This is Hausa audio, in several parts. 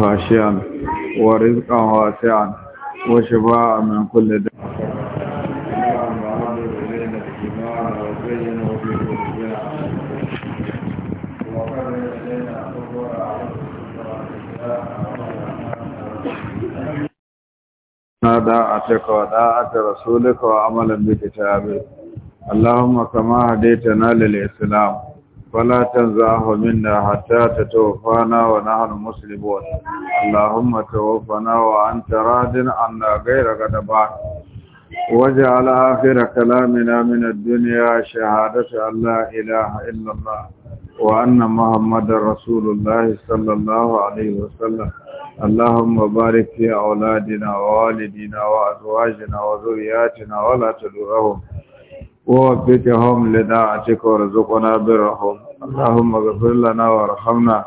فاشيا ورزقا واسعا وشفاء من كل داء هذا أتك وداعة رسولك وعملا بكتابك اللهم كما هديتنا للإسلام فلا تنزعه منا حتى تتوفانا ونحن مسلمون اللهم توفنا وأنت راد عنا غير غضبان واجعل آخر كلامنا من الدنيا شهادة أن لا إله إلا الله وأن محمد رسول الله صلى الله عليه وسلم اللهم بارك في أولادنا ووالدينا وأزواجنا وذرياتنا ولا تدرهم ووفقهم لداعتك ورزقنا برهم اللهم اغفر لنا وارحمنا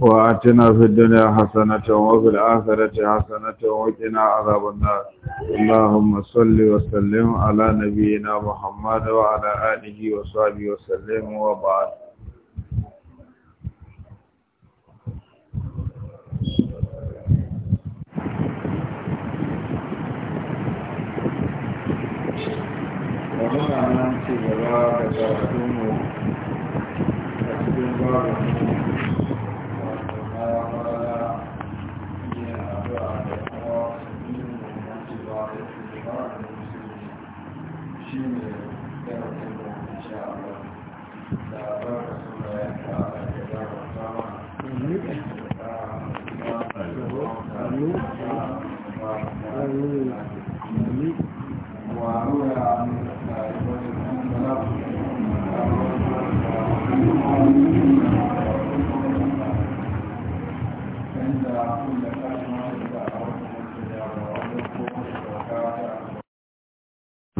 وآتنا في الدنيا حسنة وفي الآخرة حسنة وقنا عذاب النار اللهم صل وسلم على نبينا محمد وعلى آله وصحبه وسلم وبعد الله وبركاته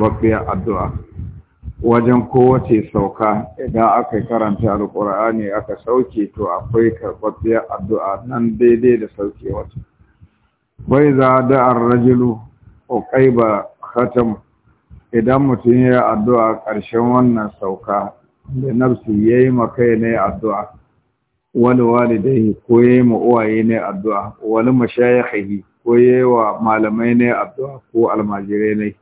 karɓaɓɓiyar addu'a wajen kowace sauka idan aka karanta alƙur'ani aka sauke to akwai karɓaɓɓiyar addu'a nan daidai da sauke wata bai za da'ar rajulu kai ba khatam idan mutum ya addu'a ƙarshen wannan sauka da nafsi ya yi makai ne addu'a wani walidai ko ya yi ma'uwaye ne addu'a wani mashayakhi ko ya yi wa malamai ne addu'a ko almajirai ne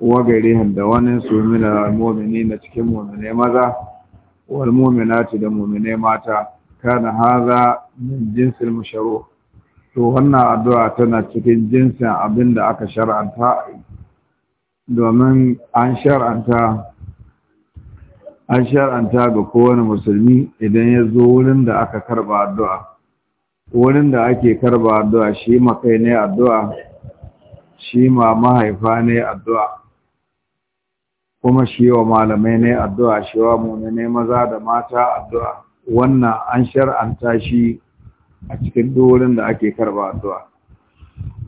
uwa gairihin da wani su mina mu'mini na cikin mu'mine maza wal mu'minati da mu'mine mata kana haza min jinsil musharu to wannan addu'a tana cikin jinsin abin da aka shar'anta domin an shar'anta an shar'anta ga kowane musulmi idan ya zo wurin da aka karba addu'a wurin da ake karba addu'a shi makai ne addu'a shi ma mahaifa ne addu'a kuma shi wa malamai ne addu'a shi wa muminai maza da mata addu'a wannan an shar'anta shi a cikin wurin da ake karba addu'a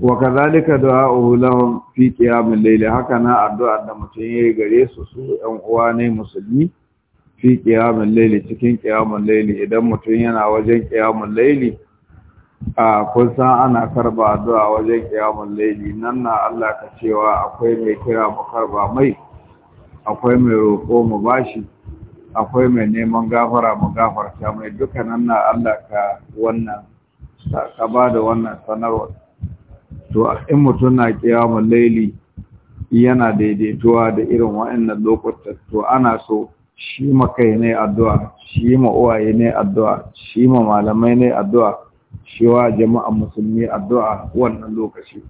wa kazalika du'a'uhu lahum fi qiyamil laili, haka na addu'a da mutum yayi gare su su 'yan uwa ne musulmi fi qiyamil laili cikin qiyamul laili, idan mutum yana wajen qiyamul laili? a kun ana karba addu'a wajen qiyamul laili, nan na Allah ka cewa akwai mai kira mu karba mai akwai mai roƙo mu bashi akwai mai neman gafara mu gafarta mai dukkanin na Allah ka wannan ka ba da wannan sanarwa to in mutum na mu laili yana daidaituwa da irin wa'annan lokutan to ana so shi ma kai ne addu'a shi ma uwaye ne addu'a shi ma malamai ne addu'a shi wa jama'a musulmi addu'a wannan lokaci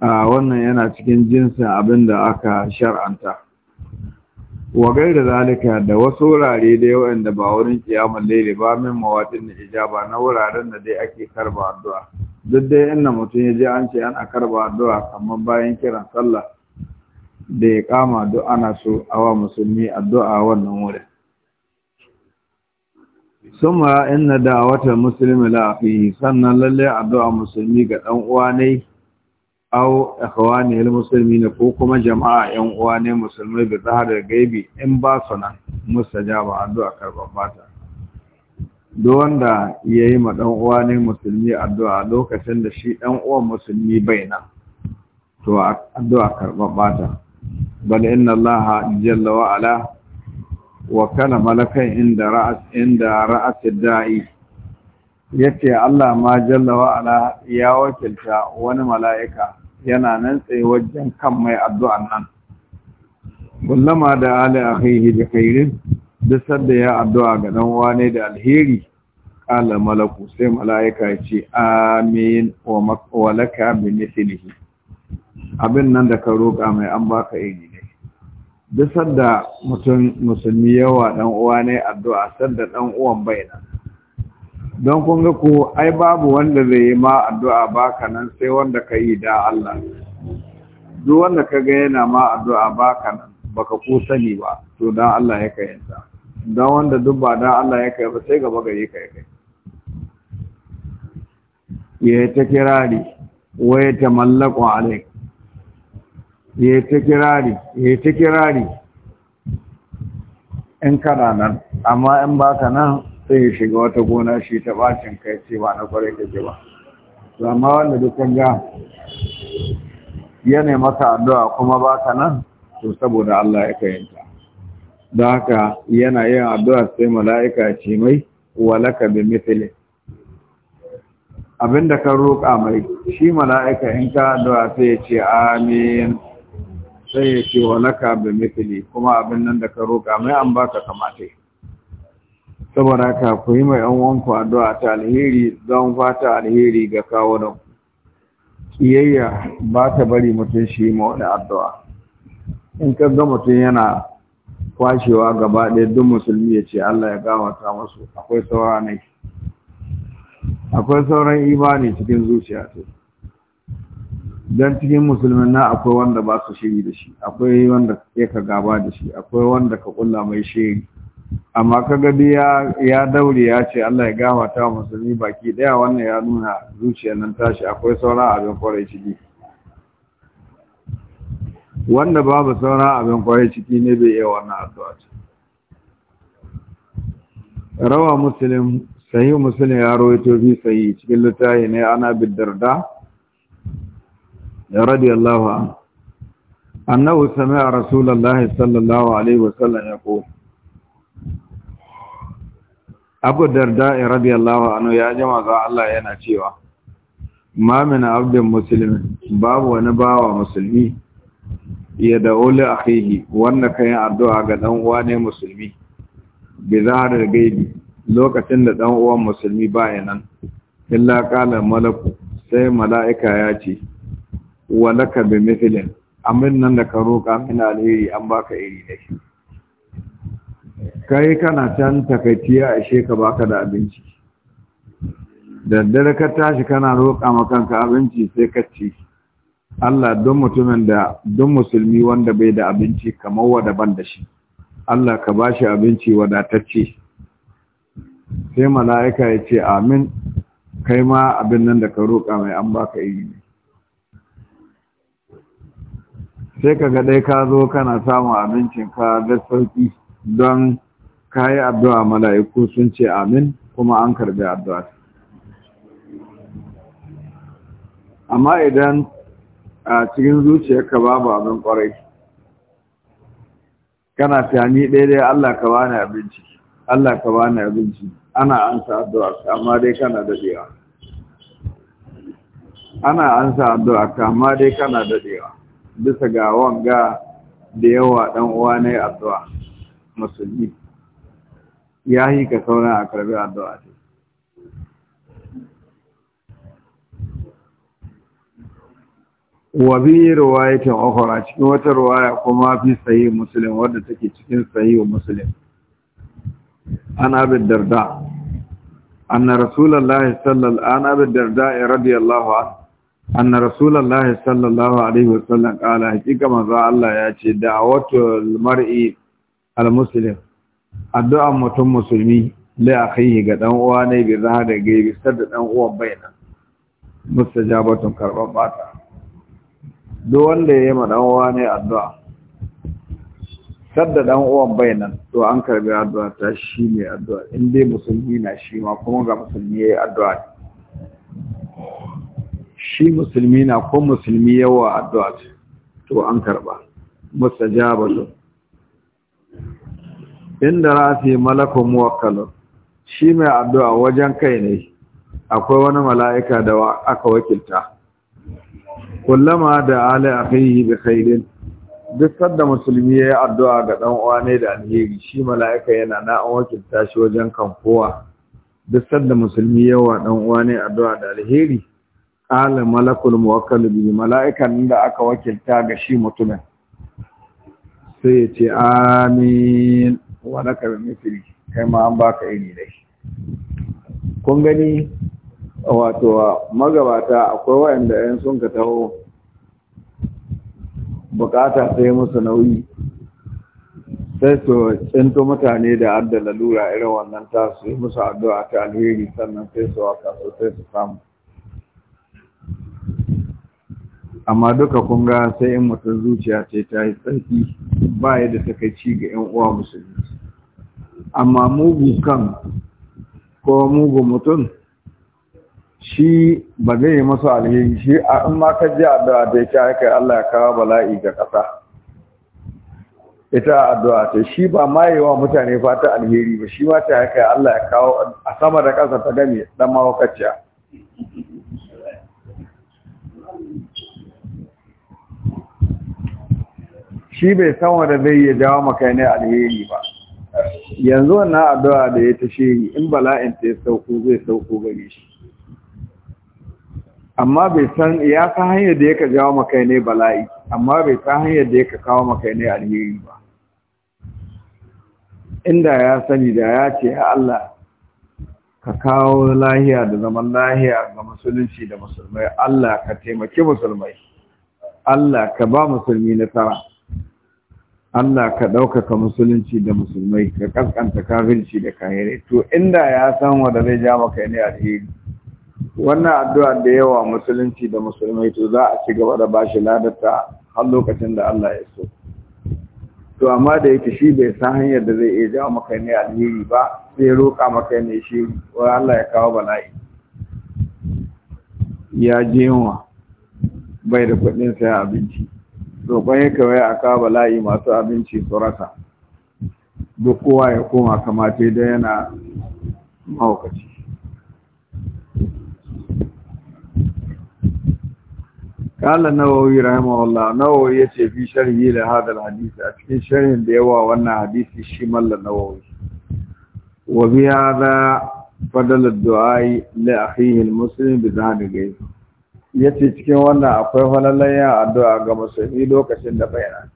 a wannan yana cikin jinsin abin da aka shar'anta wa gaira zalika da wasu wurare da yawan da ba wurin kiyamun laili ba min mawaɗin da ijaba na wuraren da dai ake karba addu'a duk dai inda mutum ya je an ce ana karba addu'a kamar bayan kiran sallah da ya kama duk ana so awa musulmi addu'a wannan wurin summa inna da wata musulmi la'afi sannan lallai addu'a musulmi ga dan uwa ne aw ikhwani almuslimin ko kuma jama'a yan uwa ne musulmai bi gaibi in ba su nan mustajaba addu'a karban fata duk wanda yayi ma dan uwa ne musulmi addu'a lokacin da shi dan uwan musulmi bai nan to addu'a karban bata bal inna allaha jalla wa ala wa kana malakan inda ra'as inda ra'as da'i yake Allah ma jalla wa ya wakilta wani mala'ika yana nan tsaye wajen kan mai addu'an nan kullama da ali akhihi bi khairin duk sanda ya addu'a ga dan wane da alheri qala malaku sai malaika ya ce amin wa laka bi mithlihi abin nan da ka roka mai an baka iri ne duk sanda mutum musulmi yawa dan uwa ne addu'a sanda dan uwan bai nan don kun ga ku, ai babu wanda zai yi ma addu'a ka nan sai wanda ka yi da Allah duk wanda ka ga yana ma addu'a ka nan baka ku sani ba to dan Allah ya kai ta dan wanda duk ba dan Allah ya kai ba sai gaba gare ka yi kai ya ta kirari wa ya ta mallaku alaik ya ta kirari ya ta kirari in kana nan amma in ba ka nan sai ya shiga wata gona shi ta bacin kai ce ba na kwarai ke ba to amma wanda dukkan ga yana maka addu'a kuma ba ka nan to saboda Allah ya kayanta don haka yana yin addu'a sai mala'ika ce mai walaka bi mithli abinda kan roƙa mai shi mala'ika in ka addu'a sai ya ce amin sai ya ce walaka bi mithli kuma abin nan da ka roƙa mai an baka kamata saboda ka ku yi mai yan wanku addu'a ta alheri don fata alheri ga kawunan kiyayya ba ta bari mutum shi ma wani addu'a in ka ga mutum yana kwashewa gaba ɗaya duk musulmi ya ce Allah ya gamata masu akwai sauran akwai sauran imani cikin zuciya ce don cikin musulmin na akwai wanda ba su shiri da shi akwai wanda ya ka gaba da shi akwai wanda ka kulla mai shiri amma kaga ya ya daure ya ce Allah ya wa musulmi baki daya wannan ya nuna zuciyar nan tashi akwai sauran abin kwarai ciki wanda babu sauran abin kwarai ciki ne bai yi wannan addu'a rawa muslim sahih muslim ya rawaito bi sahih cikin littafi ne ana bidarda radiyallahu anhu annahu sami'a rasulullahi sallallahu alaihi wasallam yaqul abu darda radiyallahu anhu ya ji ga Allah yana cewa ma min abdin muslimin babu wani bawa musulmi ya da ole akhihi wanda kai addu'a ga dan uwa ne musulmi bi zahar gaibi lokacin da dan uwan musulmi baya nan illa qala malaku sai mala'ika ya ce wa laka bi mithlin amin nan da ka roka min alheri an baka iri da shi kai kana can takaitiya a sheka baka da abinci daddare ka tashi kana roƙa ma kanka abinci sai ka ci Allah don mutumin da don musulmi wanda bai da abinci kamar wa ban da shi Allah ka bashi abinci wadatacce sai mala'ika ya ce amin kai ma abin nan da ka roƙa mai an baka iri ne sai ka ga dai ka zo kana samun abincin ka da sauƙi don ka yi addu'a mala'iku sun ce amin kuma an karbi addu'a amma idan a cikin zuciyarka babu abin ƙwarai, kana tani daidai Allah ka bani abinci Allah ka bani abinci ana ansa addu'a amma dai kana daɗewa. ana ansa addu'a amma dai kana daɗewa. bisa ga wanga da yawa dan uwa yi addu'a musulmi ya yi ka sauran a karbi addu'a ce wa bi riwayatin ukhra cikin wata riwaya kuma fi sa'i muslim wadda take cikin sa'i muslim ana bi darda anna rasulullahi sallallahu ana bi darda radiyallahu anhu anna rasulullahi sallallahu alaihi wasallam qala hakika manzo Allah ya ce da'watu al-mar'i al-muslim addu'a mutum musulmi la akhihi ga dan uwa ne bi za da gaibi sar da dan uwan bayyana mustajabatun karban bata duk wanda ya yi ma dan uwa ne addu'a sar da dan uwan bayyana to an karbi addu'a ta shi ne addu'a in dai musulmi na shi ma kuma ga musulmi yayi addu'a shi musulmi na ko musulmi yawa addu'a to an karba mustajabatun inda rafi malakun muwakkalun shi mai addu'a wajen kai ne akwai wani mala'ika da aka wakilta kullama da ala akhihi da khairin duk sadda musulmi ya yi addu'a ga ɗan’uwa ne da alheri shi mala'ika yana na an wakilta shi wajen kan kowa duk sadda musulmi yawa dan uwa ne addu'a da alheri ala malakul muwakkal biyu mala'ikan da aka wakilta ga shi mutumin sai ya ce amin wa na bi mithli kai ma an baka iri da shi kun gani wato magabata akwai wayanda yan sun ka taho bukata sai musu nauyi sai su tsinto mutane da adda lalura irin wannan ta su yi musu addu'a ta alheri sannan sai su waka sosai su samu amma duka kun ga sai in mutum zuciya ce ta yi tsarki ba yadda takaici ga 'yan uwa musulmi amma mugu kan ko mugu mutum shi ba zai yi masu alheri shi a in ma ka ji addu'a da yake haka Allah ya kawo bala'i ga ƙasa ita addu'a ta shi ba ma yi wa mutane fata alheri ba shi ma ta haka Allah ya kawo a sama da ƙasa ta game dan mahaukaciya shi bai san wanda zai iya jawo maka ne alheri ba yanzu wannan addu'a da ya ta shehi in bala'in ta ya sauko zai sauko gare shi amma bai san ya san hanyar da yaka jawo maka ne bala'i amma bai sa hanyar da yaka kawo maka ne alheri ba inda ya sani da ya ce ya Allah ka kawo lahiya da zaman lahiya ga musulunci da musulmai Allah ka taimaki musulmai Allah ka ba musulmi nasara Allah ka ɗaukaka musulunci da musulmai ka ƙasƙanta kafirci da kahire to inda ya san wanda zai ja maka ne alheri wannan addu'a da yawa musulunci da musulmai to za a ci gaba da bashi ladarta har lokacin da Allah ya so to amma da yake shi bai san hanyar da zai iya jawo maka ne alheri ba sai roƙa maka ne shi wa Allah ya kawo bala'i ya je bai da kuɗin sayan abinci roƙon ya kawai a kawo bala'i masu abinci su rasa duk kowa ya koma kamata da yana mahaukaci kala nawawi rahimahullah nawawi ya ce fi sharhi da hadar hadisi a cikin sharhin da yawa wannan hadisi shi mallan nawawi wa biya za fadalar du'ai la akhihi al-muslim bi zahri ya ce cikin wannan akwai falalan yin addu'a ga musulmi lokacin da bayanan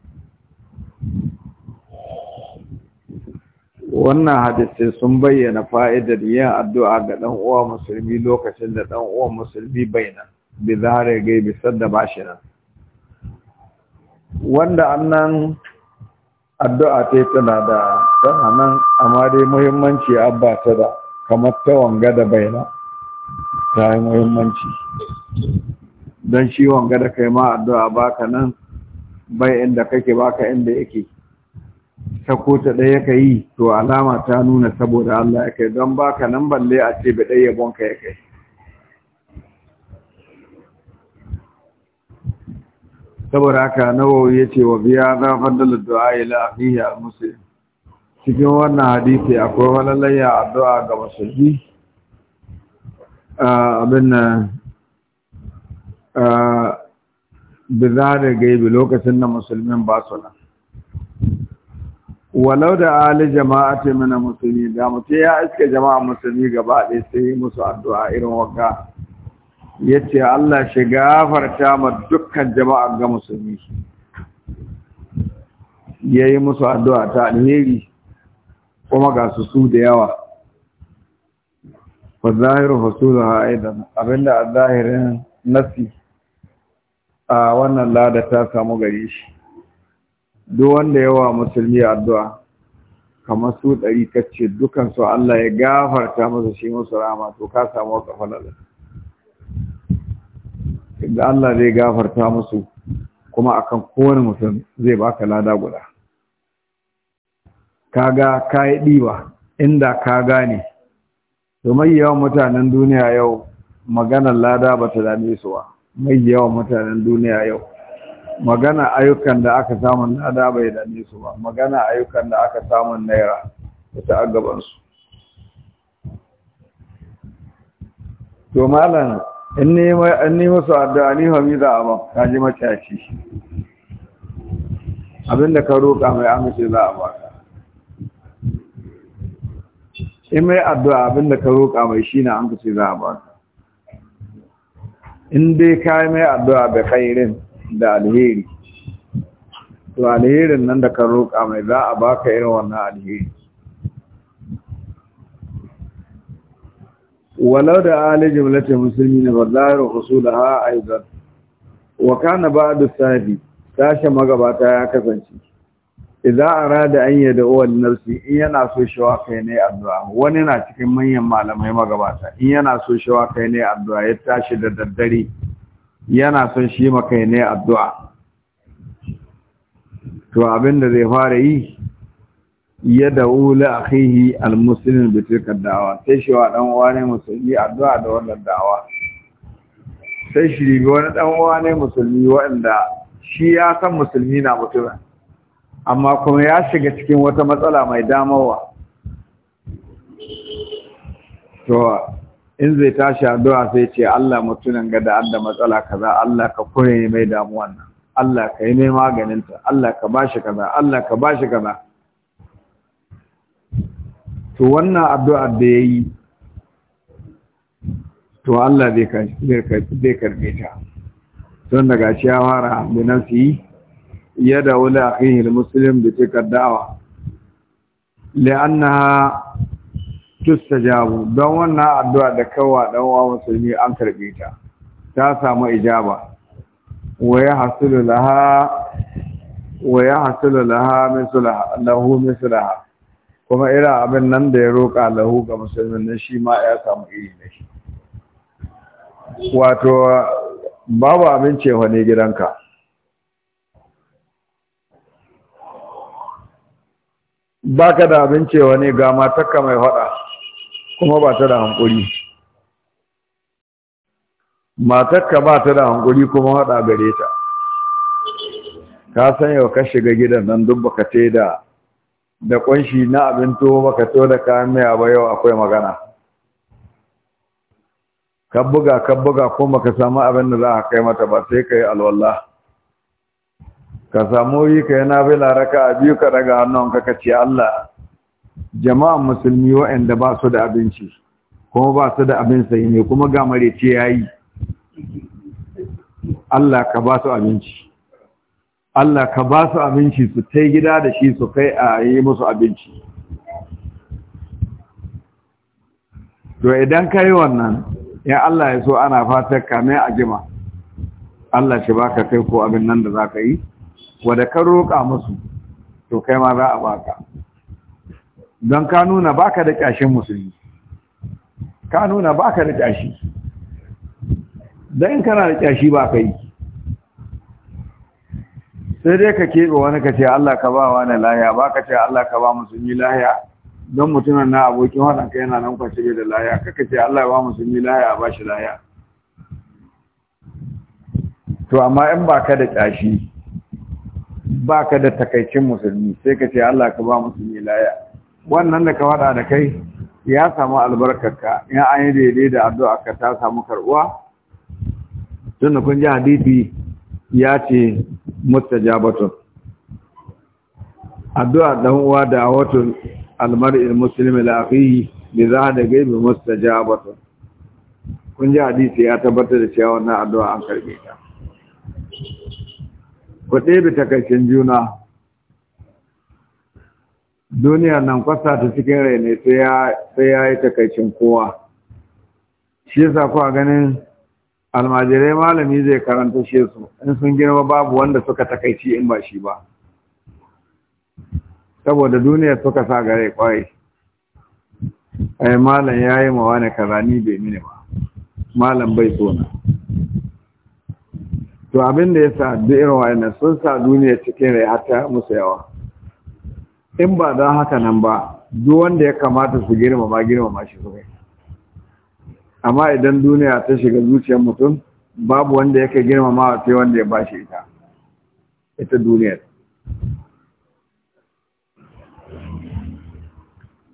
wannan hadisai sun bayyana fa'idar yin addu'a ga ɗan uwa musulmi lokacin da ɗan uwa musulmi bayanan bi zahare gaibi sadda ba shi nan wanda annan addu'a ta tana da tana nan amma dai muhimmanci abba ta da kamar ta wanga da bayanan ta yi muhimmanci don ciwon wanga da kai ma addu'a baka nan bai inda kake baka inda yake sako ta ɗaya ka yi to alama ta nuna saboda Allah ya kai don baka nan balle a ce bai ɗaya bonka ya kai saboda haka nawawi ya ce wa biya za faddala du'a ila akhihi muslim cikin wannan hadisi akwai layya addu'a ga musulmi ah, abin nan bizarar gaibi lokacin da musulmi ba su nan walau da ali jama'a ce mana musulmi da mutum ya iske jama'a musulmi gaba ɗaya sai yi musu addu'a irin wagga ya ce Allah shi gafarta ma dukkan jama'a ga musulmi ya yi musu addu'a ta alheri kuma ga su su da yawa wa zahiru fasulun ha'idan abinda a zahirin nasi a wannan lada ta samu gari shi duk wanda yawa musulmi addu'a kamar su ɗari kacce dukansu Allah ya gafarta masa shi musu rama to ka samu wata falala da Allah zai gafarta musu kuma akan kowane mutum zai baka lada guda kaga kayi ɗiba inda ka gane domin yawan mutanen duniya yau maganar lada ba ta dame su ba mai yawan mutanen duniya yau magana ayyukan da aka samun da bai da su ba magana ayyukan da aka samun naira da ta agabansu to malam in ni musu addu'a ni hamiza a ba ka ji Abin abinda ka roƙa mai amince za a baka in mai addu'a abinda ka roƙa mai shi na an ka za a baka in dai ka yi mai addu'a da khairin da alheri to alherin nan da ka roƙa mai za a baka irin wannan alheri walau da ali jimlatin musulmi na bazarar usula ha aizan wa kana ba da sabi sashen magabata ya kasance idza arada an yad'u an nafsi in yana so shawa kai ne addu'a wani na cikin manyan malamai magabata in yana so shawa kai ne addu'a ya tashi da daddare yana son shi ma kai ne addu'a to abinda zai fara yi ya da'u li akhihi almuslim bi tilka da'wa sai shi wa dan uwa ne musulmi addu'a da wannan da'awa sai shi ga wani dan uwa ne musulmi wanda shi ya san musulmi na mutuwa amma kuma ya shiga cikin wata matsala mai damarwa to in zai tashi addu'a sai ce Allah mutunan ga da adda matsala kaza Allah ka kure mai damuwan nan Allah ka yi mai maganinta Allah ka bashi kaza Allah ka bashi kaza to wannan addu'ar da yayi to Allah zai karbe ta don daga ciyawa ra da nasi yada wani akihil musulun da ce kaddawa la'annaha tustajabu don wannan addu'a da kawa dan uwa musulmi an karbe ta ta samu ijaba wa ya hasulu laha wa ya laha kuma irin abin nan da ya roƙa lahu ga musulmin nan shi ma ya samu iri ne shi wato babu abin cewa ne gidanka ba ka da abin cewa ne ga matakka mai faɗa kuma ba ta da hankuri matakka ba ta da hankuri kuma faɗa gare ta ka san yau ka shiga gidan nan duk baka ce da da kunshi na abin tuwo baka to da kayan miya ba yau akwai magana ka buga ka buga kuma baka samu abin da za a kai mata ba sai ka yi alwallah ka samu yi ka yana bai laraka a biyu ka daga hannun ka ce Allah jama'an musulmi waɗanda ba su da abinci kuma ba su da abin sayi ne kuma ga ce ya yi Allah ka ba su abinci Allah ka ba su abinci su ta gida da shi su kai a yi musu abinci to idan ka yi wannan ya Allah ya so ana fatar kamar a jima Allah shi ba ka kai ko abin nan da za ka yi wanda ka roƙa musu to kai ma za a baka don ka nuna baka da ƙyashin musulmi ka nuna baka da ƙyashi don in kana da ƙyashi ba ka yi sai dai ka keɓe wani ka ce Allah ka ba wani lahiya ba ka ce Allah ka ba musulmi lahiya don mutumin na abokin waɗanka yana nan kwanci da lahiya kaka ce Allah ba musulmi lahiya ba shi lahiya to amma in ba ka da ƙyashi ba ka da takaicin musulmi sai ka ce Allah ka ba musulmi laya wannan da ka wada da kai ya samu albarkarka ya an yi daidai da addu'a ka ta samu karɓuwa tun da kun ji hadisi ya ce mustajabatun addu'a dan uwa da watul almar'il muslimi la akhihi bi zahada ghaibi mustajabatun kun ji hadisi ya tabbatar da cewa wannan addu'a an karbe ta ku ɗebe takaicin juna duniya nan kwasa ta cikin rai ne sai ya yi takaicin kowa shi yasa kuwa ganin almajirai malami zai karanta shi su in sun girma babu wanda suka takaici in ba shi ba saboda duniya suka sa gare kwai ai malam ya yi mawa ne ka bai mini ba malam bai tona to abin da ya sa duk irin sun sa duniya cikin rai hata musu yawa in ba don haka nan ba duk wanda ya kamata su girmama girmama shi kuma. amma idan duniya ta shiga zuciyar mutum babu wanda ya girma ma sai wanda ya bashi ita ita duniyar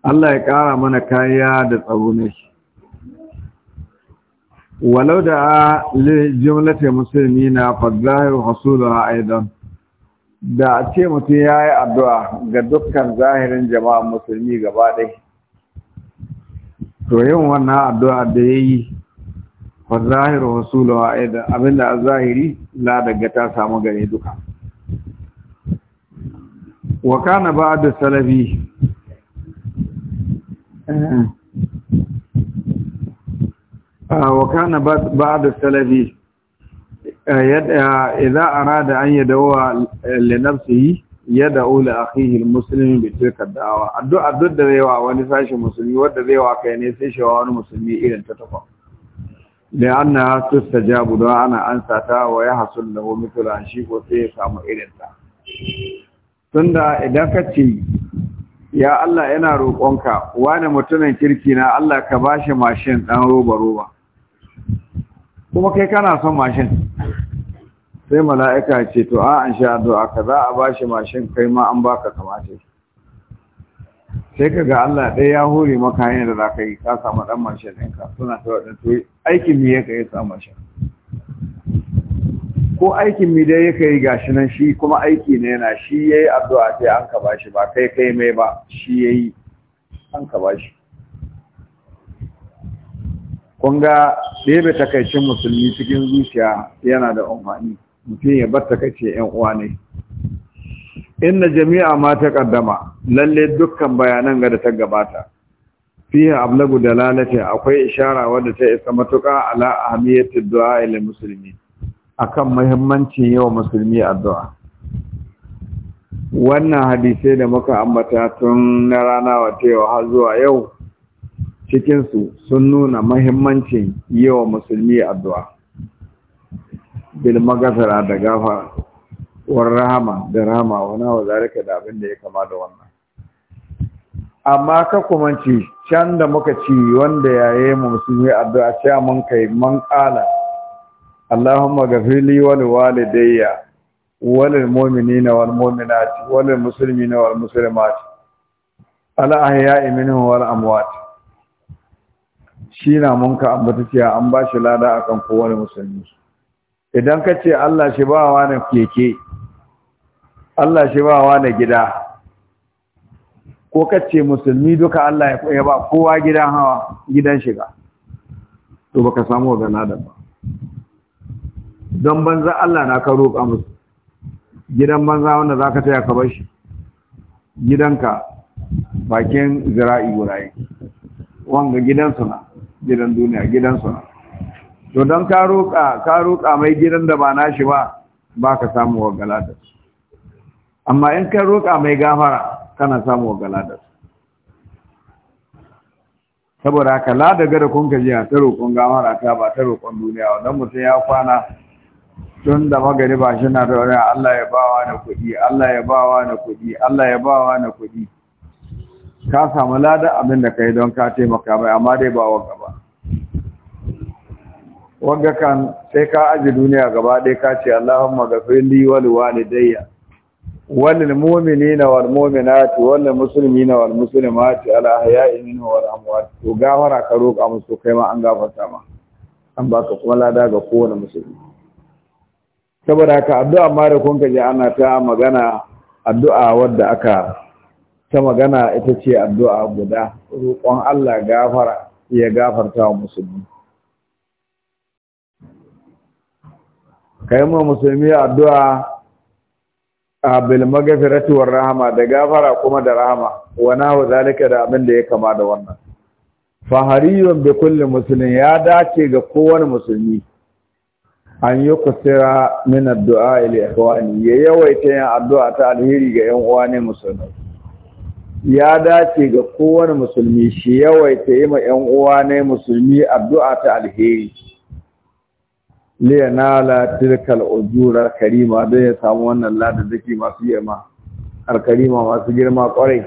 Allah ya ƙara mana kariya da tsaro ne shi walau da jimlatar musulmi na fadzahir hasulawa aidan da ce mutum ya yi addu'a ga dukkan zahirin jama'a musulmi gabaɗaya. to yin wannan addu'a da ya yi fadzahir hasulawa aidan abinda a zahiri ladaga ta samu gare duka wa kana ba da salafi وكان بعض السلف إذا أراد أن يدعو لنفسه يدعو لأخيه المسلم بتلك الدعوة الدعاء ضد ذيوا ونفاش مسلمي ود ذيوا كان يسيش مسلمي إلى التطفى لأنها تستجاب دعانا ساتا ويحصل له مثل أن شيء وفيه سامو إلى tunda idan إذا ce يا الله إنا roƙonka أنك وانا متنين كركينا الله كباش ماشين mashin روبا روبا roba kuma kai kana son mashin sai mala'ika ce to a an sha addu'a ka za a bashi mashin kai ma an baka kamata sai ka ga Allah ɗaya ya hore maka yin da za ka yi ka samu ɗan mashin ɗinka suna ta waɗanda aikin me ya ka yi samu mashin ko aikin mi dai ka yi gashi nan shi kuma aiki ne yana shi ya yi addu'a sai an ka bashi ba kai kai mai ba shi ya yi an ka bashi kun ga ɗebe takaicin musulmi cikin zuciya yana da amfani mutum ya bar takaice yan uwa ne inna jami'a ma ta kaddama lalle dukkan bayanan ga da ta gabata fiye ablagu dalalati akwai ishara wadda ta isa matuƙa ala ahamiyyati du'a ila musulmi akan muhimmanci yawa musulmi addu'a wannan hadisai da muka ambata tun na rana wa har zuwa yau cikinsu sun nuna mahimmancin yi wa musulmi addu'a bil da gafa, war rahama da rahama wani wa zarika da abin da ya kama da wannan amma ka kumanci can da muka ci wanda yaye mu musulmi addu'a a mun kai man ƙala. Allahumma ghafirli wani liwalidayya na Wani mu'minina ci, wani musulmi na wani musulmi ci. Ala'ahiyya ahya'i wani amuwa ci. shi na mun ka ambata cewa an ba shi lada akan kowane musulmi idan ka ce Allah shi ba wa na keke Allah shi ba wa na gida ko ka ce musulmi duka Allah ya ba kowa gidan hawa gidan shiga to baka samu wa gana ba don banza Allah na ka roƙa musu gidan banza wanda za ka taya ka bar shi gidanka bakin zira'i wuraye wanga gidansu na gidan duniya gidansu to don ka roƙa ka roƙa mai gidan da ba nashi ba ba ka samu wa galadar amma in ka roƙa mai gafara kana samu wa galadar saboda ka la da gada kun ka jiya ta roƙon gafara ta ba ta roƙon duniya don mutum ya kwana tun da magani ba shi na da wani Allah ya bawa na kuɗi Allah ya bawa na kuɗi Allah ya bawa na kuɗi ka samu lada abin da ka yi don ka taimaka mai amma dai ba wa gaba wanga kan sai ka aji duniya gaba ɗaya ka ce Allahumma gafirli wal walidayya wal lil mu'minina wal mu'minat wal lil muslimina wal muslimat ala ahya'i minhum wal amwat to gafara ka roƙa musu kai ma an gafarta ma an baka kuma lada ga kowane musulmi saboda haka addu'a ma da kun kaje ana ta magana addu'a wadda aka ta magana ita ce addu'a guda roƙon Allah gafara ya gafarta wa musulmi kai ma musulmi addu'a a bil magfirati war rahama da gafara kuma da rahama wa zalika da abin da ya kama da wannan fahariyun bi kulli muslim ya dace ga kowane musulmi an yi kusura min addu'a ila ikhwani ya yawaita yin addu'a ta alheri ga yan uwa ne musulmi ya dace ga kowane musulmi shi yawaita yi ma yan uwa musulmi addu'a ta alheri liyanala tilkal ujura karima don ya samu wannan lada ladadaki masu har Karima masu girma kwarai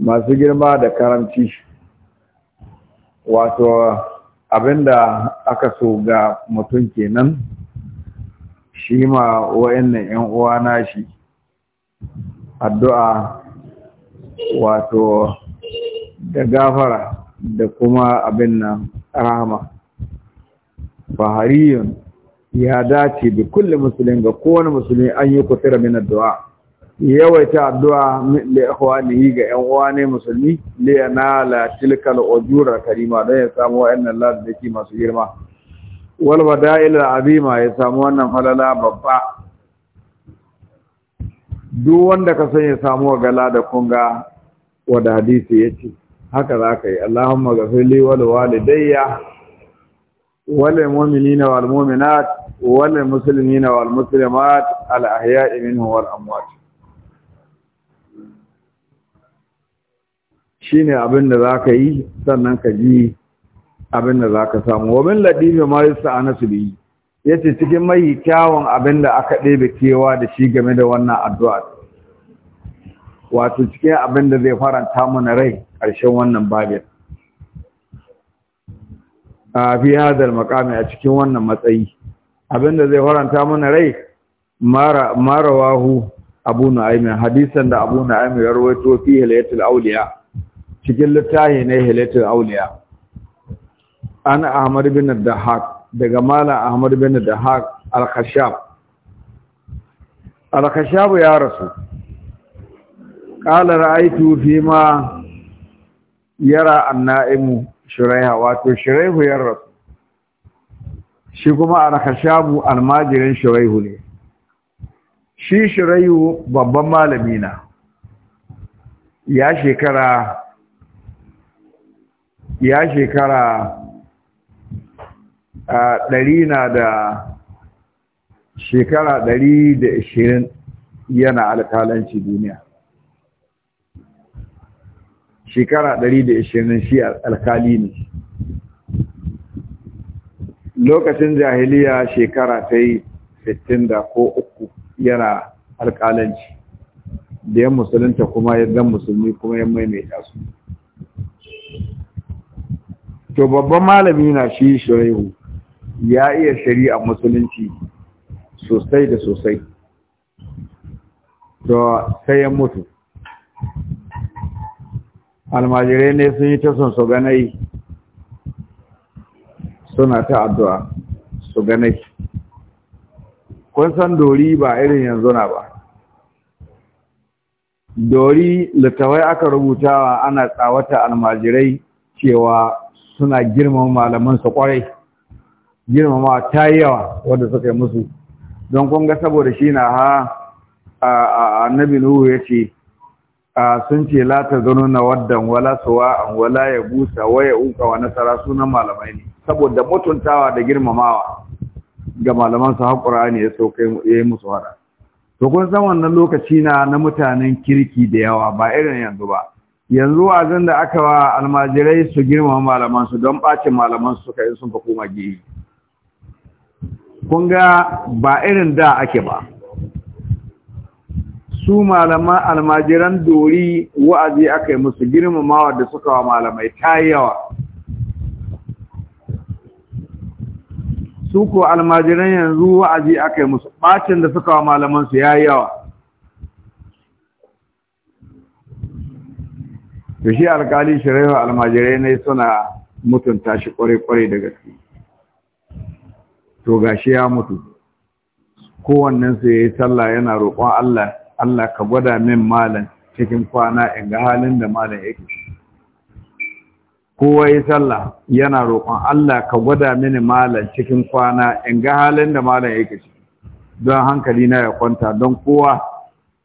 masu girma da karamci wato abinda aka so ga mutum kenan shi ma wayannan yan uwa na shi addu'a wato da gafara da kuma abin nan rahama fahariyun ya dace bi kulli musulmin ga kowane musulmi an yi kusura min addu'a yawaita addu'a ne yi ga ƴan uwa ne musulmi li yanala tilkal ujura karima don ya samu da ke masu girma wal bada'il azima ya samu wannan falala babba duk wanda ka san ya samu gala da kunga wada hadisi yace haka zaka yi Allahumma ghafirli wal walidayya وللمؤمنين والمؤمنات وللمسلمين والمسلمات الأحياء منهم والأموات shine abin da zaka yi sannan ka ji abin da zaka samu wa bin ladifi ma yusa anasu bi yace cikin mai kyawun abin da aka ɗebe kewa da shi game da wannan addu'a wato cikin abin da zai faranta mana rai ƙarshen wannan babin a fi hadal makami a cikin wannan matsayi abinda zai faranta mana rai mara marawahu abu nu'aymin hadisan da abu nu'aymin ya rawaito fi hilayatul awliya cikin littafi ne hilayatul awliya an ahmad bin dahak daga mala ahmad bin dahak al-khashab al-khashab ya rasu qala ra'aytu fi ma yara an-na'imu shuraiha wato shuraihu ya rasu shi kuma arkashabu almajirin shuraihu ne shi shuraihu babban malami na ya shekara ya shekara a ɗari na da shekara ɗari da ishirin yana alƙalanci duniya shekara 120 shi alkali ne lokacin jahiliya shekara ta yi 60 ko uku yana alkalanci da yan musulunta kuma yadda musulmi kuma yan maimaita su to babban malami na shi shirayu, ya iya shari'a musulunci sosai da sosai to sai ya mutu almajirai ne sun yi ta son su ganai suna ta addu'a su ganai kun san dori ba irin yanzu na ba dori littawai aka rubutawa ana tsawata almajirai cewa suna girmama malamansu kwarai girmama ta yi yawa wanda suka yi musu don kunga saboda shi na ha a annabi nuhu ya ce sun ce la ta zano na waddan wala an wala ya busa waya uka wa nasara sunan malamai ne saboda mutuntawa da girmamawa ga malaman su haƙura ne ya sauka ya yi musu hada to kun san wannan lokaci na na mutanen kirki da yawa ba irin yanzu ba yanzu zan da aka wa almajirai su girmama malaman su don ɓacin malaman su suka yi sun fa koma kun ga ba irin da ake ba su malama almajiran dori wa'azi aka yi musu girmamawa da suka wa malamai ta yawa su ko almajiran yanzu wa'azi aka yi musu ɓacin da suka wa malamansu ya yawa da shi alkali shirayu almajirai ne suna mutunta shi kwarai-kwarai da gaske to ga shi ya mutu kowannensu ya yi sallah yana roƙon Allah Allah ka gwada min malam cikin kwana in ga halin da malam yake kowa yi sallah yana roƙon Allah ka gwada mini malam cikin kwana in ga halin da malam yake ciki don hankali na ya kwanta don kowa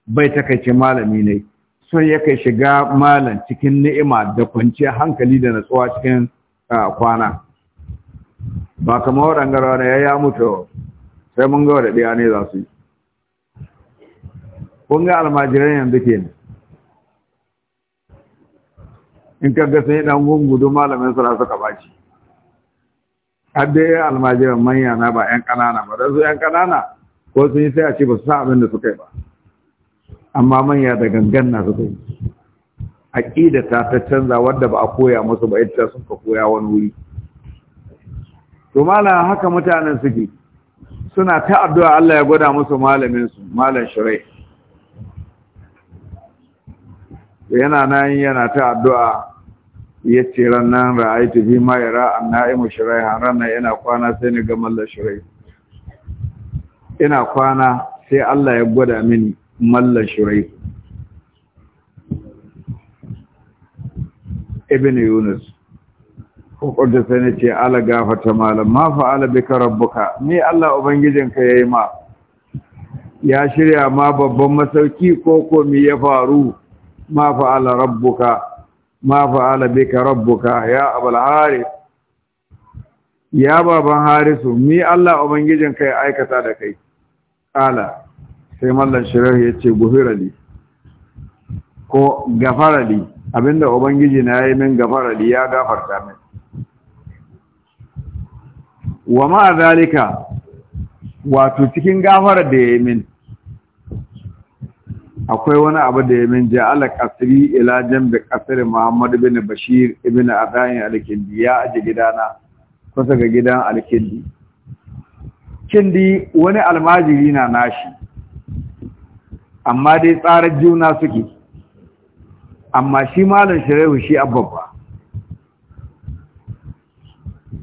bai takaice malami ne so kai shiga malam cikin ni'ima da kwanciyar hankali da natsuwa cikin kwana ba kamar waɗanda ya ya mutu sai mun ga waɗanda ne za su yi kun ga almajiran yanzu ne in kaga sai dan gungudu malamin rasu ka baci har dai almajiran manya na ba yan kanana ba da su yan kanana ko sun yi sai a ce ba su sa abin da suka yi ba amma manya da gangan na suka yi aƙida ta ta canza wadda ba a koya musu ba ita sun ka koya wani wuri to mala haka mutanen suke suna ta addu'a Allah ya gwada musu malamin su malam shirai yana nan yana ta addu'a ya ce rannan ta bi ma yara shirai. shiraiha rannan yana kwana sai ni ga mallar shirai ina kwana sai Allah ya gwada mini mallar shirai ibn yunus kokorta sai ni ce ala gafata malam ma fa'ala bika rabbuka ni Allah ubangijinka yayi ma ya shirya ma babban masauki ko komi ya faru ما فعل ربك ما فعل بك ربك يا أبا الحارث يا بابا حارث مي الله أبنجيجن كي أيكتا دكي قال سيما الله شرح يتشي بهر لي ko gafara li abinda ubangiji na yayi min gafara li ya gafarta min wa ma wato cikin gafarar da yayi min akwai wani abu da ya min ja'ala kasiri ila jambi ƙasar Muhammad bin Bashir ibn adayin alkindi ya aje gidana kusa ga gidan alkindi kindi wani almajiri na nashi amma dai tsarar juna suke amma shi malam Shari'u shi abba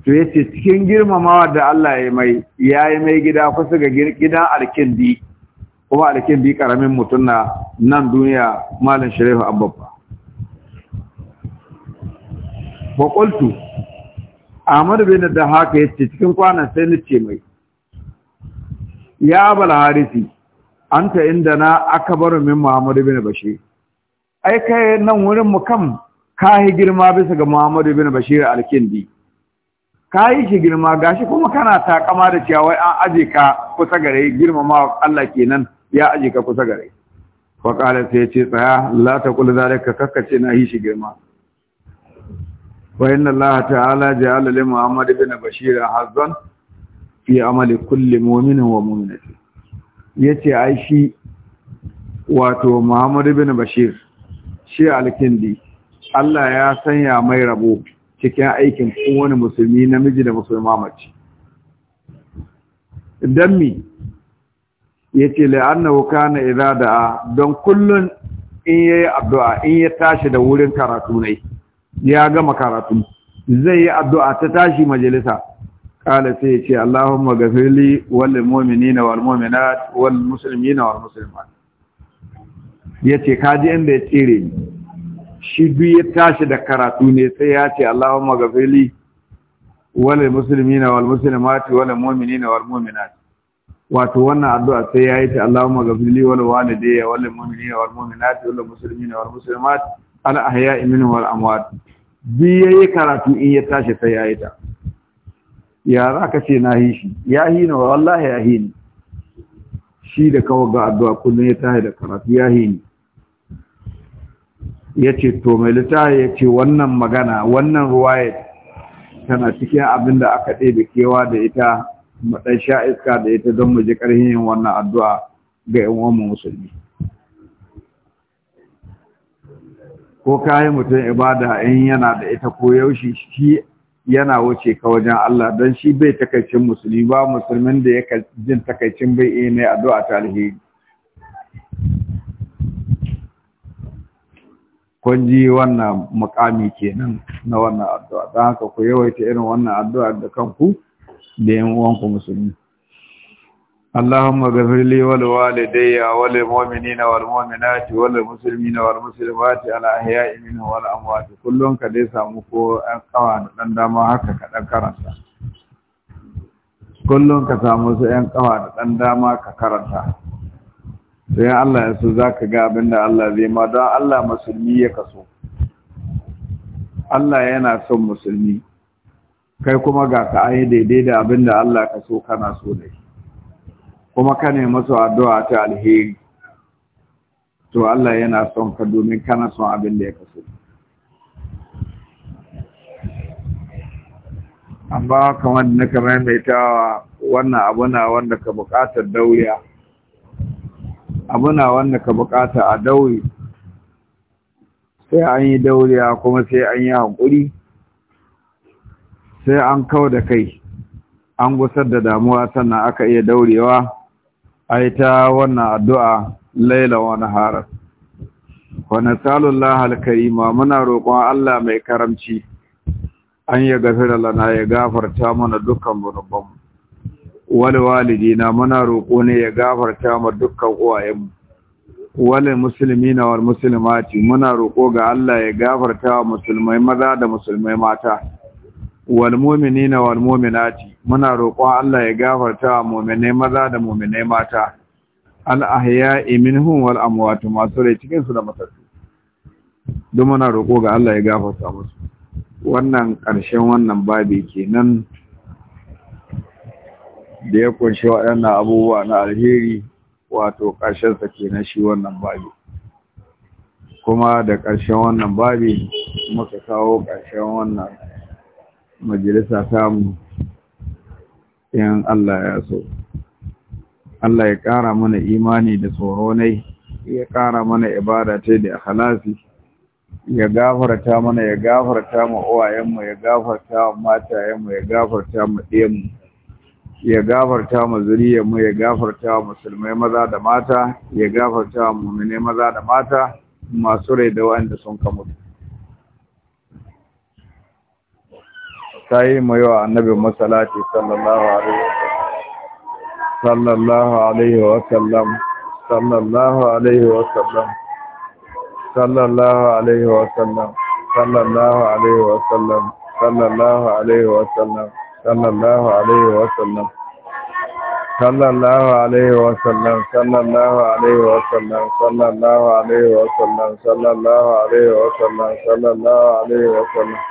to yace cikin girmamawa da Allah ya mai mai gida kusa ga gidan alkindi kuma alkin bi karamin mutum na nan duniya malin shari'a abubuwa wa qultu ahmad bin da haka ce cikin kwanan sai ce mai ya abul harisi na aka bar min muhammad bin bashir ai kai nan wurin mu kam yi girma bisa ga muhammad bin bashir alkindi kai shi girma gashi kuma kana takama da cewa wai an aje ka kusa gare girmama Allah kenan ya aji ka kusa gare fa qala sai ce tsaya la taqul zalika kakkace na yi shi girma wa inna allaha ta'ala ja'ala li muhammad ibn bashir hazan fi amali kulli mu'minin wa mu'minati yace ai shi wato muhammad ibn bashir shi alkindi Allah ya sanya mai rabo cikin aikin kowane musulmi namiji da musulma mace. Don mi, yace la'annahu kana idza da'a don kullun in yayi addu'a in ya tashi da wurin karatu ne ya gama karatu zai yi addu'a ta tashi majalisa kala sai yace Allahumma ghafirli wal mu'minina wal mu'minat wal muslimina wal muslimat yace kaji inda ya tsire ni shi duk ya tashi da karatu ne sai ya ce Allahumma ghafirli wal muslimina wal muslimat wal mu'minina wal mu'minat wato wannan addu'a sai yayi ta Allahumma ghafirli wal walidayya wal mu'minina wal mu'minati wal muslimina wal muslimat al ahya'i minhum wal amwat bi yayi karatu in ya tashi sai yayi ta ya za ka ce na yi shi ya yi ni wallahi ya yi ni shi da kawo ga addu'a kullum ya tashi da karatu ya yi ni ya ce to mai littafi ya ce wannan magana wannan ruwaya tana cikin abin da aka ɗebe kewa da ita mu sha iska da ita don mu ji ƙarfin yin wannan addu'a ga uwan mu musulmi ko kai mutum ibada in yana da ita ko yaushe shi yana wuce ka wajen Allah don shi bai takaicin musulmi ba musulmin da yake jin takaicin bai iya mai addu'a ta alheri kun ji wannan mukami kenan na wannan addu'a don haka ku yawaita irin wannan addu'a da kanku da yan uwanku musulmi Allahumma mu'minina wal mu'minati wal muslimina wal muslimati والمسلمات ahya'i احياء wal amwat kullun ka dai samu ko an kawa da dan dama haka ka dan karanta kullum ka samu su yan kawa da dan dama ka karanta sai Allah ya so zaka ga abinda Allah zai ma don Allah musulmi ya kaso Allah yana son musulmi kai kuma ga ka ayi daidai da abin da Allah ka so kana so da shi kuma ka ne su addu'a ta alheri to Allah yana son ka domin kana son abin da ya kaso amma kamar da naka maimaitawa wannan abu na wanda ka buƙatar dauya abu na wanda ka buƙata a dauri sai an yi dauriya kuma sai an yi haƙuri sai an kau da kai an gusar da damuwa sannan aka iya daurewa a ta wannan addu'a laila wani haras. wani lahal karima muna roƙon Allah mai karamci an ya da lana ya gafarta mana dukkan bunubanmu wani walidina muna roƙo ne ya gafarta ma dukkan uwayenmu wani musulmi na wani musulmati muna roƙo ga Allah ya gafarta wa musulmai maza da musulmai mata wal mu'minina wal mu'minati muna roƙon Allah ya gafarta wa mu'minai maza da mu'minai mata al ahya'i minhum wal amwat masu rai cikin su da matattu don muna roƙo ga Allah ya gafarta musu wannan ƙarshen wannan babi kenan da ya kunshi waɗannan abubuwa na alheri wato ƙarshensa kenan shi wannan babi kuma da ƙarshen wannan babi muka kawo ƙarshen wannan majalisa samu in Allah ya so Allah ya ƙara mana imani da tsoro nai ya ƙara mana ibada ta da halasi ya gafarta mana ya gafarta ma uwayenmu ya gafarta ma matayenmu ya gafarta ma ɗiyanmu ya gafarta ma zuriyarmu ya gafarta ma musulmai maza da mata ya gafarta ma mu'minai maza da mata masu rai da wanda sun kamutu ta yi ma yawa annabi masalati sallallahu alaihi sallallahu alaihi wa sallallahu alaihi wa sallam sallallahu alaihi wa sallam sallallahu alaihi wa sallam sallallahu alaihi wa sallam sallallahu alaihi wa sallam sallallahu alaihi wa sallam sallallahu alaihi wa sallam sallallahu alaihi wa sallam sallallahu alaihi wa sallam sallallahu alaihi wa sallam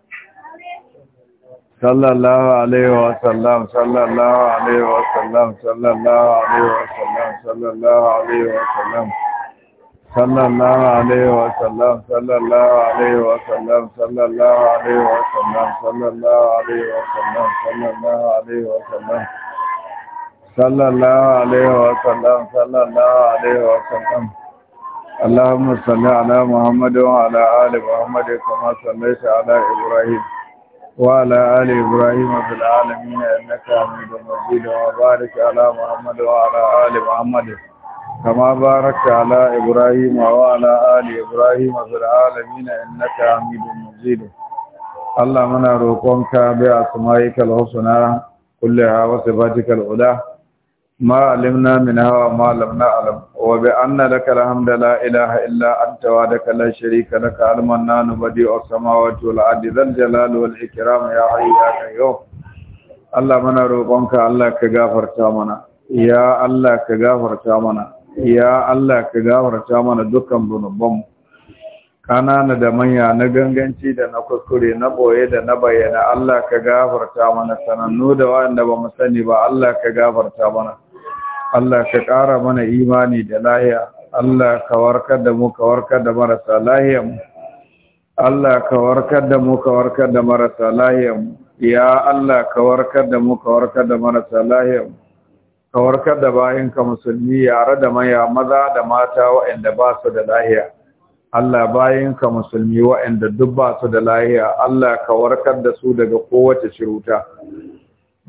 sallallahu alaihi wa sallam sallallahu alaihi wa sallam sallallahu alaihi wa sallam sallallahu alaihi wa sallam sallallahu alaihi wa sallam sallallahu alaihi wa sallam sallallahu alaihi wa sallam sallallahu alaihi wa sallam sallallahu alaihi wa sallam sallallahu alaihi ala muhammad ala ali muhammad kama sallaita ala ibrahim وعلى آل إبراهيم في العالمين إنك حميد مجيد وبارك على محمد وعلى آل محمد كما باركت على إبراهيم وعلى آل إبراهيم في العالمين إنك حميد مجيد اللهم نروقك بأسمائك الحسنى كلها وصفاتك العلى ما علمنا منها وما لم نعلم وبأن لك الحمد لا إله إلا أنت وعدك لا شريك لك المنان بديع السماوات والعدي ذا الجلال والإكرام يا حي يا قيوم الله منا روبانك الله كغافر تامنا يا الله كغافر تامنا يا الله كغفر تامنا دكان بنبم kanana da manya na ganganci da na kuskure na boye da na bayyana Allah ka gafarta mana sanannu da wanda ba mu sani ba Allah ka gafarta mana Allah ka ƙara mana imani da lahiya Allah ka warkar da mu ka warkar da marasa lahiyan Allah ka warkar da mu ka warkar da marasa lahiyan ya Allah ka warkar da mu ka warkar da marasa lahiyan ka warkar da bayan ka musulmi yare da maya maza da mata waɗanda ba su da lahiya Allah bayan ka musulmi waɗanda duk ba su da lahiya Allah ka warkar da su daga kowace shiruta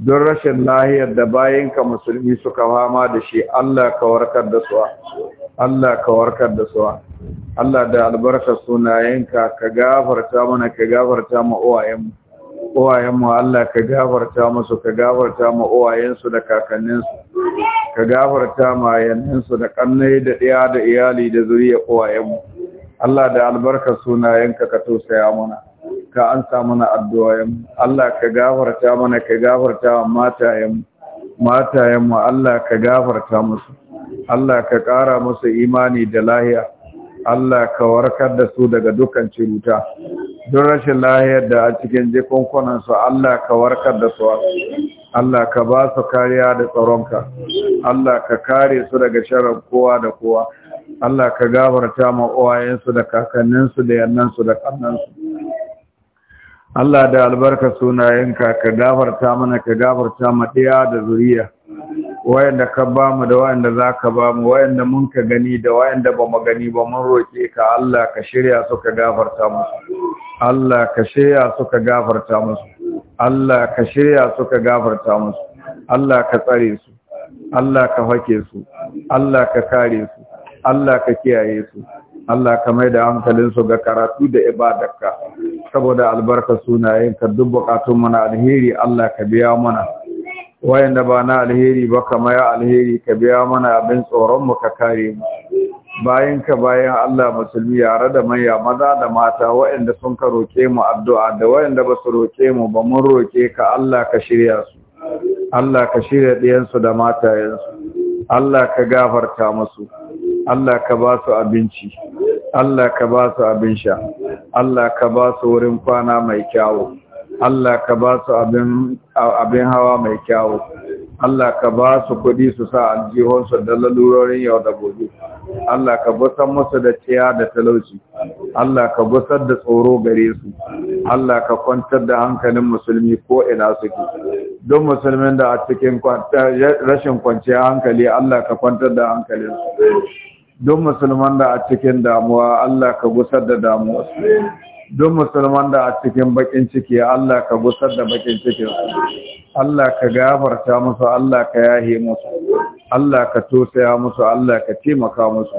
don rashin lahiyar da bayanka musulmi suka fama da shi Allah ka warkar da su Allah ka warkar da su Allah da albarkar sunayenka ka gafarta mana ka gafarta ma uwayenmu uwayenmu Allah ka gafarta musu ka gafarta ma uwayensu da kakanninsu ka gafarta ma yanninsu da kannai da ɗiya da iyali da zuriya uwayenmu Allah da albarkar sunayenka ka tausaya mana ka ansa mana addu'a Allah ka gafarta mana ka gafarta matayen matayen mu Allah ka gafarta musu Allah ka ƙara musu imani da lahiya Allah ka warkar da su daga dukkan ciruta don rashin lahiyar da a cikin jikunkunan su Allah ka warkar da su Allah ka ba su kariya da tsaronka Allah ka kare su daga sharar kowa da kowa Allah ka gafarta ma uwayensu da kakanninsu da yannansu da kannansu Allah da albarka sunayenka ka gafarta mana ka gafarta ma da zuriya wayanda ka bamu da wayanda za ka ba mu wayanda mun ka gani da wayanda ba mu gani ba mun roke ka Allah ka shirya su ka gafarta musu Allah ka shirya su ka gafarta musu Allah ka shirya su ka gafarta musu Allah ka tsare su Allah ka hake su Allah ka kare su Allah ka kiyaye su Allah ka mai da hankalin su ga karatu da ibadarka saboda albarka sunayenka duk bukatun mana alheri Allah ka biya mana wayanda ba na alheri ba ka maya alheri ka biya mana abin tsoron mu ka kare mu bayan ka bayan Allah musulmi yare da manya maza da mata wayanda sun ka roke mu addu'a da wayanda ba su roke mu ba mun roke ka Allah ka shirya su Allah ka shirya ɗiyansu da matayensu Allah ka gafarta musu Allah ka ba su abinci Allah ka ba su abin sha Allah ka ba su wurin kwana mai kyawu Allah ka ba su abin hawa mai kyawu Allah ka ba su kuɗi su sa aljihonsu da lalurorin yau da gobe Allah ka busar musu da ciya da talauci Allah ka busar da tsoro gare su Allah ka kwantar da hankalin musulmi ko ina suke don musulmin da a cikin rashin kwanciyar hankali Allah ka kwantar da hankalin su. don musulman da a cikin damuwa Allah ka gusar da damuwa don musulman da a cikin bakin ciki Allah ka gusar da bakin cikin Allah ka gafarta musu Allah ka yahe musu Allah ka tosaya musu Allah ka taimaka musu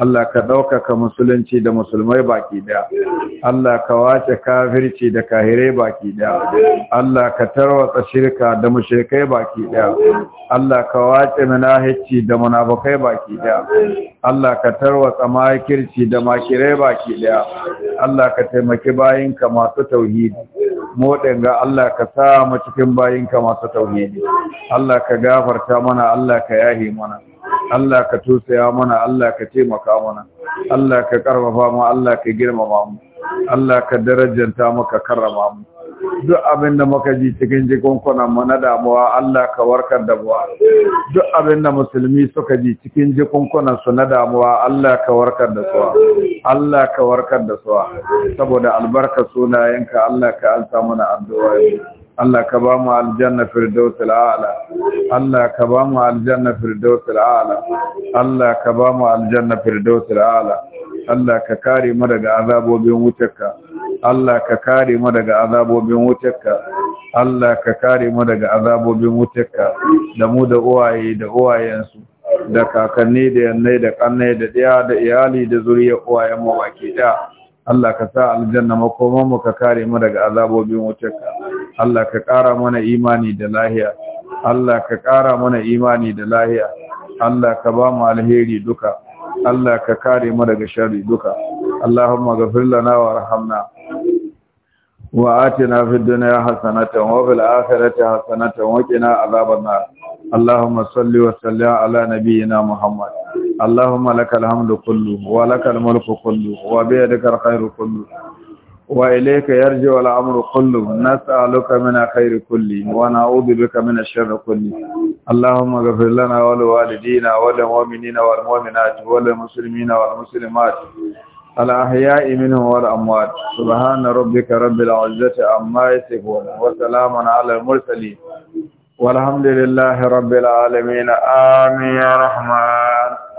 Allah ka ɗaukaka musulunci da musulmai baki daya Allah ka wace kafirci da kahirai baki daya Allah ka tarwatsa shirka da mushrikai baki daya Allah ka wace munafici da munafukai baki daya Allah ka tarwatsa makirci da makirai baki daya Allah ka taimaki bayinka masu tauhidi mu ga Allah ka sa mu cikin bayinka masu tauhidi Allah ka gafarta mana Allah ka yahi mana Allah ka tusaya mana Allah ka taimaka mana Allah ka karfafa mu Allah ka girmama mu Allah ka darajanta mu karrama mu duk abin da muka ji cikin jikunkunan mu na damuwa Allah ka warkar da mu duk abin da musulmi suka ji cikin jikunkunan su na damuwa Allah ka warkar da su Allah ka warkar da su saboda albarka sunayenka Allah ka ansa mana addu'a Allah ka ba mu aljanna firdausul a'la Allah ka ba mu aljanna firdausul a'la Allah ka ba mu aljanna firdausul a'la Allah ka kare mu daga azabobin wutarka Allah ka kare mu daga azabobin wutarka Allah ka kare mu daga azabobin wutarka da mu da uwaye da uwayensu da kakanni da yannai da kannai da ɗaya da iyali da zuriya uwayen mu baki ɗaya Allah ka sa aljanna makoman mu ka kare mu daga azabobin wutarka Allah ka kara mana imani da lahiya Allah ka kara mana imani da lahiya Allah ka ba mu alheri duka Allah ka kare mu daga sharri duka Allahumma ghafir lana warhamna وآتنا في الدنيا حسنة وفي الآخرة حسنة وقنا عذاب النار اللهم صل وسلم على نبينا محمد اللهم لك الحمد كله ولك الملك كله وبيدك الخير كله وإليك يرجع الأمر كله نسألك من خير كله ونعوذ بك من الشر كله اللهم اغفر لنا ولوالدينا وللمؤمنين والمؤمنات وللمسلمين والمسلمات الأحياء منهم والأموات سبحان ربك رب العزة عما يصفون وسلام على المرسلين والحمد لله رب العالمين آمين يا رحمن